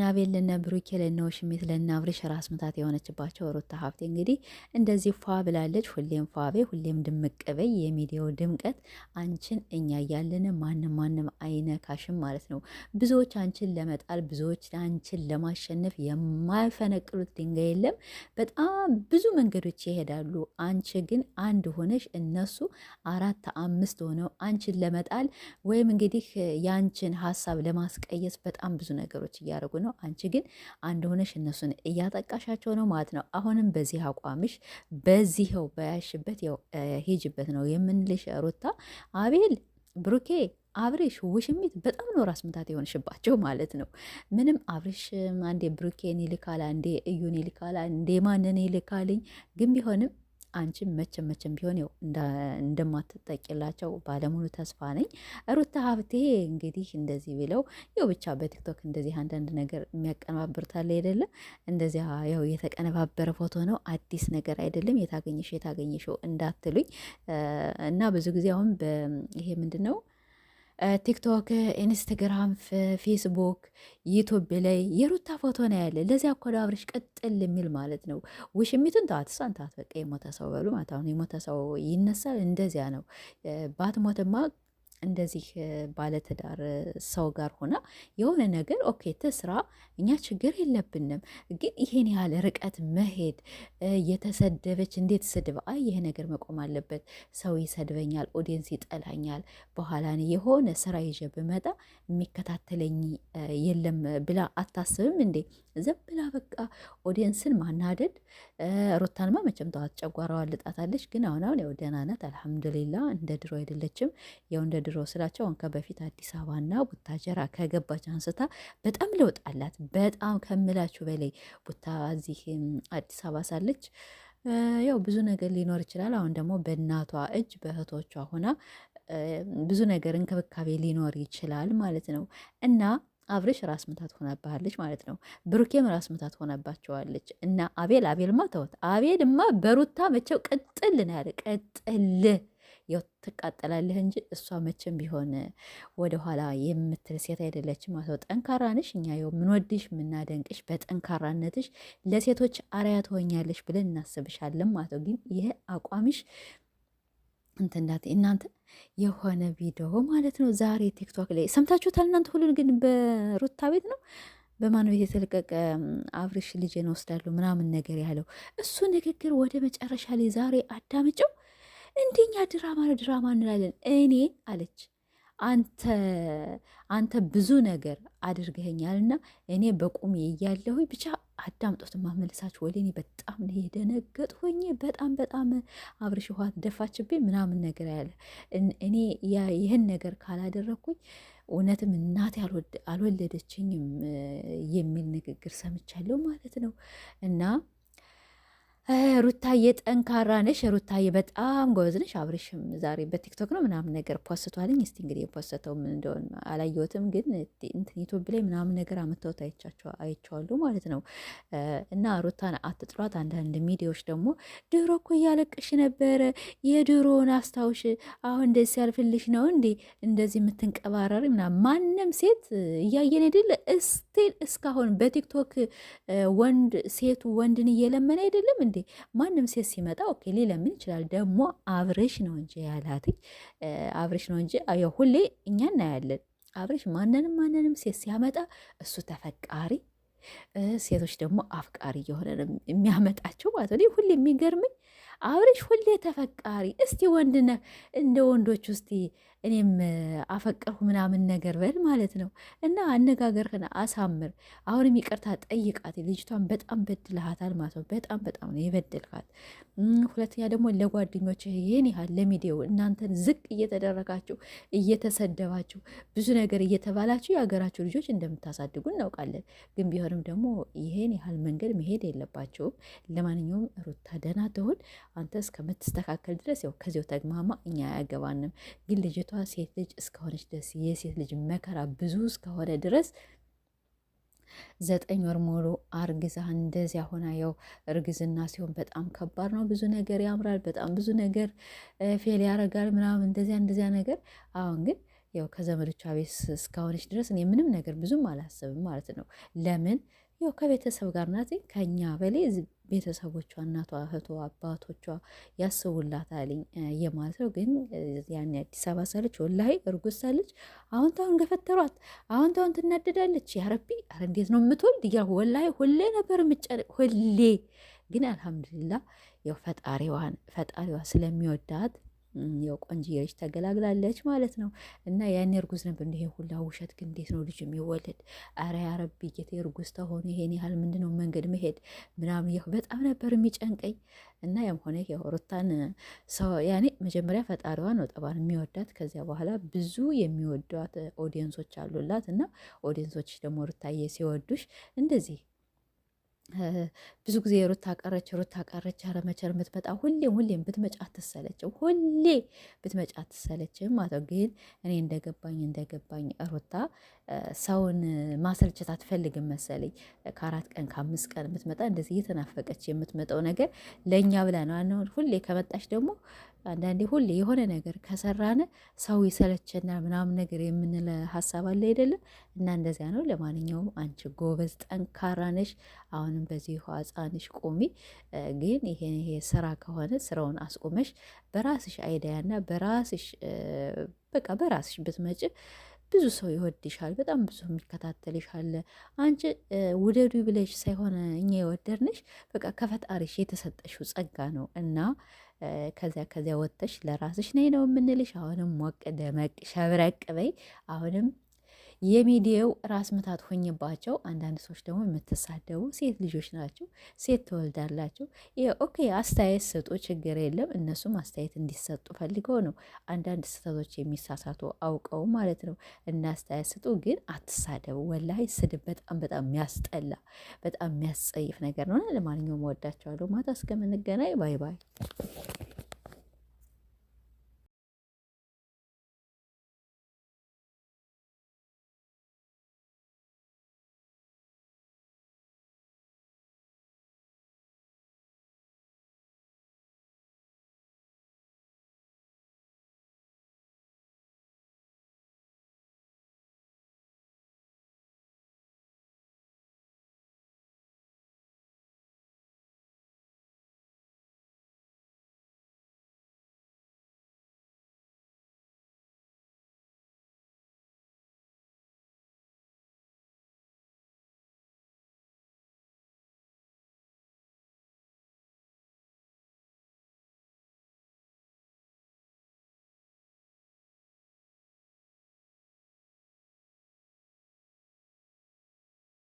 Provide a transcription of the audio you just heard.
ናቤል ልነ ብሩኬ ለነ ወሽሚት ለነ አብርሽ ራስ ምታት የሆነችባቸው ሩታ ሀብቴ እንግዲህ እንደዚህ ፏ ብላለች። ሁሌም ፏቤ ሁሌም ድምቅበይ የሚዲያው ድምቀት አንቺን እኛ እያለን ማንም ማንም አይነካሽም ማለት ነው። ብዙዎች አንቺን ለመጣል ብዙዎች አንቺን ለማሸነፍ የማይፈነቅሉት ድንጋይ የለም። በጣም ብዙ መንገዶች ይሄዳሉ። አንቺ ግን አንድ ሆነሽ እነሱ አራት አምስት ሆነው አንቺን ለመጣል ወይም እንግዲህ የአንቺን ሀሳብ ለማስቀየስ በጣም ብዙ ነገሮች እያደረጉ ነው። አንቺ ግን አንድ ሆነሽ እነሱን እያጠቃሻቸው ነው ማለት ነው። አሁንም በዚህ አቋምሽ በዚህው በያሽበት ያው ሂጅበት ነው የምንልሽ ሩታ። አቤል ብሩኬ አብሬሽ ውሽሚት በጣም ነው ራስ ምታት የሆንሽባቸው ማለት ነው። ምንም አብሬሽ አንዴ ብሩኬን ይልካል፣ አንዴ እዩን ይልካል፣ አንዴ ማንን ይልካልኝ ግን ቢሆንም አንቺ መቼም መቼም ቢሆን ው እንደማትጠቂላቸው ባለሙሉ ተስፋ ነኝ። ሩታ ሀብቴ እንግዲህ እንደዚህ ብለው ው ብቻ በቲክቶክ እንደዚህ አንዳንድ ነገር የሚያቀነባብርታለ አይደለም። እንደዚያ ያው የተቀነባበረ ፎቶ ነው፣ አዲስ ነገር አይደለም። የታገኘሽ የታገኘሽው እንዳትሉኝ እና ብዙ ጊዜ አሁን ይሄ ምንድን ነው ቲክቶክ፣ ኢንስትግራም፣ ፌስቡክ፣ ዩቱብ ላይ የሩታ ፎቶ ነው ያለ። ለዚያ እኮ ነው አብርሽ ቀጥል የሚል ማለት ነው። ውሽሚቱን ተዋት፣ እሷን ተዋት። በቃ የሞተ ሰው በሉ ማለት አሁን የሞተ ሰው ይነሳል። እንደዚያ ነው ባትሞትማ እንደዚህ ባለትዳር ሰው ጋር ሆና የሆነ ነገር ኦኬ ትስራ፣ እኛ ችግር የለብንም። ግን ይሄን ያህል ርቀት መሄድ የተሰደበች እንዴት ስድብ? አይ ይሄ ነገር መቆም አለበት። ሰው ይሰድበኛል፣ ኦዲየንስ ይጠላኛል፣ በኋላ የሆነ ስራ ይዤ ብመጣ የሚከታተለኝ የለም ብላ አታስብም እንዴ? ዝም ብላ በቃ ኦዲየንስን ማናደድ። ሩታንማ መቼም ተዋት፣ ጨጓራዋን ልጣታለች። ግን አሁን አሁን ያው ደህና ናት፣ አልሐምዱሊላ። እንደ ድሮ አይደለችም። ያው እንደ ድሮ ቢሮ ስላቸው አሁን ከበፊት አዲስ አበባና ቡታጀራ ከገባች አንስታ በጣም ለውጥ አላት። በጣም ከምላችሁ በላይ ቡታ እዚህ አዲስ አበባ ሳለች ያው ብዙ ነገር ሊኖር ይችላል። አሁን ደግሞ በእናቷ እጅ በእህቶቿ ሆና ብዙ ነገር እንክብካቤ ሊኖር ይችላል ማለት ነው እና አብሬሽ ራስ ምታት ሆናባሃለች ማለት ነው። ብሩኬም ራስ ምታት ሆናባቸዋለች እና አቤል አቤልማ ተወት። አቤልማ በሩታ መቼው ቅጥል ነው ያለ ቅጥል ያው ትቃጠላለህ እንጂ እሷ መቼም ቢሆን ወደኋላ የምትል ሴት አይደለችም። ማለት ነው ጠንካራ እኛ ያው ምንወድሽ ምናደንቅሽ በጠንካራነትሽ ለሴቶች አርያ ትሆኛለሽ ብለን እናስብሻለን ማለት ግን ይሄ አቋምሽ እንትንዳት እናንተ የሆነ ቪዲዮ ማለት ነው ዛሬ ቲክቶክ ላይ ሰምታችሁታል እናንተ ሁሉን ግን በሩታ ቤት ነው በማን ቤት የተለቀቀ አብርሽ ልጄን ወስዳለሁ ምናምን ነገር ያለው እሱ ንግግር ወደ መጨረሻ ላይ ዛሬ አዳምጨው እንደኛ ድራማ ነው ድራማ እንላለን። እኔ አለች አንተ አንተ ብዙ ነገር አድርገኸኛልና እኔ በቁሜ እያለሁ ብቻ አዳምጦት ማመለሳች ወደ እኔ በጣም ነው የደነገጥ በጣም በጣም አብርሽ ውሃ ደፋችብኝ ምናምን ነገር ያለ እኔ ይህን ነገር ካላደረግኩኝ እውነትም እናቴ አልወለደችኝም የሚል ንግግር ሰምቻለሁ ማለት ነው እና ሩታዬ ጠንካራ ነሽ፣ ሩታዬ በጣም ጎበዝ ነሽ። አብርሽም ዛሬ በቲክቶክ ነው ምናምን ነገር ፖስቷልኝ። እስቲ እንግዲህ የፖስተው ምን እንደሆነ አላየሁትም፣ ግን እንትን ዩቱብ ላይ ምናምን ነገር አይቻቸው አይቼዋለሁ ማለት ነው። እና ሩታን አትጥሏት። አንዳንድ ሚዲያዎች ደግሞ ድሮ እኮ እያለቅሽ ነበረ፣ የድሮውን አስታውሽ፣ አሁን እንደዚህ ሲያልፍልሽ ነው እንዴ እንደዚህ የምትንቀባረሪ ምናምን። ማንም ሴት እያየን አይደለ እስቲል እስካሁን በቲክቶክ ወንድ ሴቱ ወንድን እየለመን አይደለም እንዴ ማንም ሴት ሲመጣ ኦኬ ሊለምን ይችላል። ደግሞ አብሬሽ ነው እንጂ ያላት አብሬሽ ነው እንጂ ያው ሁሌ እኛ እናያለን። አብሬሽ ማንንም ማንንም ሴት ሲያመጣ እሱ ተፈቃሪ ሴቶች ደግሞ አፍቃሪ እየሆነ የሚያመጣቸው ማለት ነው። ሁሌ የሚገርምኝ አብርሽ ሁሌ ተፈቃሪ። እስቲ ወንድነህ እንደ ወንዶች ውስጥ እኔም አፈቀርሁ ምናምን ነገር በል ማለት ነው። እና አነጋገርህን አሳምር። አሁንም ይቅርታ ጠይቃት። ልጅቷን በጣም በድልሃታል ማለት ነው። በጣም በጣም ነው የበደልካት። ሁለተኛ ደግሞ ለጓደኞች ይህን ያህል ለሚዲያው እናንተን ዝቅ እየተደረጋችሁ እየተሰደባችሁ ብዙ ነገር እየተባላችሁ የሀገራችሁ ልጆች እንደምታሳድጉ እናውቃለን። ግን ቢሆንም ደግሞ ይህን ያህል መንገድ መሄድ የለባቸውም። ለማንኛውም ሩታ ደህና ትሁን። አንተ እስከምትስተካከል ድረስ ያው ከዚያው ተግማማ፣ እኛ አያገባንም። ግን ልጅቷ ሴት ልጅ እስከሆነች ድረስ የሴት ልጅ መከራ ብዙ እስከሆነ ድረስ ዘጠኝ ወር ሙሉ አርግዛ እንደዚያ ሆና ያው እርግዝና ሲሆን በጣም ከባድ ነው። ብዙ ነገር ያምራል፣ በጣም ብዙ ነገር ፌል ያደርጋል ምናምን እንደዚያ እንደዚያ ነገር። አሁን ግን ያው ከዘመዶቿ ቤት እስከሆነች ድረስ እኔ ምንም ነገር ብዙም አላስብም ማለት ነው። ለምን ያው ከቤተሰብ ጋር ናት። ከኛ በላይ ቤተሰቦቿ፣ እናቷ፣ እህቷ፣ አባቶቿ ያስቡላታልኝ የማለት ነው። ግን ያኔ አዲስ አበባ ሳለች ወላሂ እርጉዝ ሳለች አሁን ታሁን ገፈተሯት። አሁን ታሁን ትናደዳለች። ያረቢ አረ እንዴት ነው የምትወልድ እያ ወላሂ ሁሌ ነበር የምጨነቅ ሁሌ። ግን አልሐምዱሊላ ያው ፈጣሪዋን ፈጣሪዋ ስለሚወዳት ያው ቆንጅዬ ተገላግላለች ማለት ነው። እና ያኔ እርጉዝ ነበር። እንዲህ ሁላ ውሸት ግን እንዴት ነው ልጅ የሚወለድ? አረ ያረቢ ጌቴ፣ እርጉዝ ተሆኑ ይሄን ያህል ምንድነው መንገድ መሄድ ምናምን፣ ይህ በጣም ነበር የሚጨንቀኝ። እና ያም ሆነ ያው ሩታን ሰው ያኔ መጀመሪያ ፈጣሪዋ ነው ጠባን የሚወዳት። ከዚያ በኋላ ብዙ የሚወዷት ኦዲየንሶች አሉላት። እና ኦዲየንሶች ደግሞ ሩታዬ ሲወዱሽ እንደዚህ ብዙ ጊዜ ሩታ ቀረች ሩታ ቀረች፣ ኧረ የምትመጣ? ሁሌም ሁሌም ብትመጫ አትሰለችም፣ ሁሌ ብትመጫ አትሰለችም ማለት ነው። ግን እኔ እንደገባኝ እንደገባኝ ሩታ ሰውን ማሰልቸት አትፈልግም መሰለኝ። ከአራት ቀን ከአምስት ቀን የምትመጣ እንደዚህ እየተናፈቀች የምትመጣው ነገር ለእኛ ብላ ነው። ሁሌ ከመጣች ደግሞ አንዳንዴ ሁሌ የሆነ ነገር ከሰራነ ሰው ይሰለቸናል ምናምን ነገር የምንለ ሀሳብ አለ አይደለም። እና እንደዚያ ነው። ለማንኛውም አንቺ ጎበዝ ጠንካራ ነሽ። አሁንም በዚህ ህጻንሽ ቆሚ። ግን ይሄን ይሄ ስራ ከሆነ ስራውን አስቆመሽ በራስሽ አይዲያና በራስሽ በቃ በራስሽ ብትመጭ ብዙ ሰው ይወድሻል። በጣም ብዙ አለ አንቺ ውደዱ ብለሽ ሳይሆን እኛ የወደድንሽ በቃ ከፈጣሪሽ የተሰጠሽው ጸጋ ነው እና ከዚያ ከዚያ ወጥተሽ ለራስሽ ነይ ነው የምንልሽ። አሁንም ሞቅ ደመቅ ሸብረቅ በይ። አሁንም የሚዲያው ራስ ምታት ሆኝባቸው። አንዳንድ ሰዎች ደግሞ የምትሳደቡ ሴት ልጆች ናቸው፣ ሴት ትወልዳላቸው። ኦኬ አስተያየት ስጡ፣ ችግር የለም። እነሱም አስተያየት እንዲሰጡ ፈልገው ነው። አንዳንድ ስህተቶች የሚሳሳቱ አውቀው ማለት ነው። እና አስተያየት ስጡ፣ ግን አትሳደቡ። ወላሂ ስድብ በጣም በጣም የሚያስጠላ በጣም የሚያስጸይፍ ነገር ነው። ለማንኛውም ወዳቸዋለሁ። ማታ እስከምንገናኝ ባይ ባይ።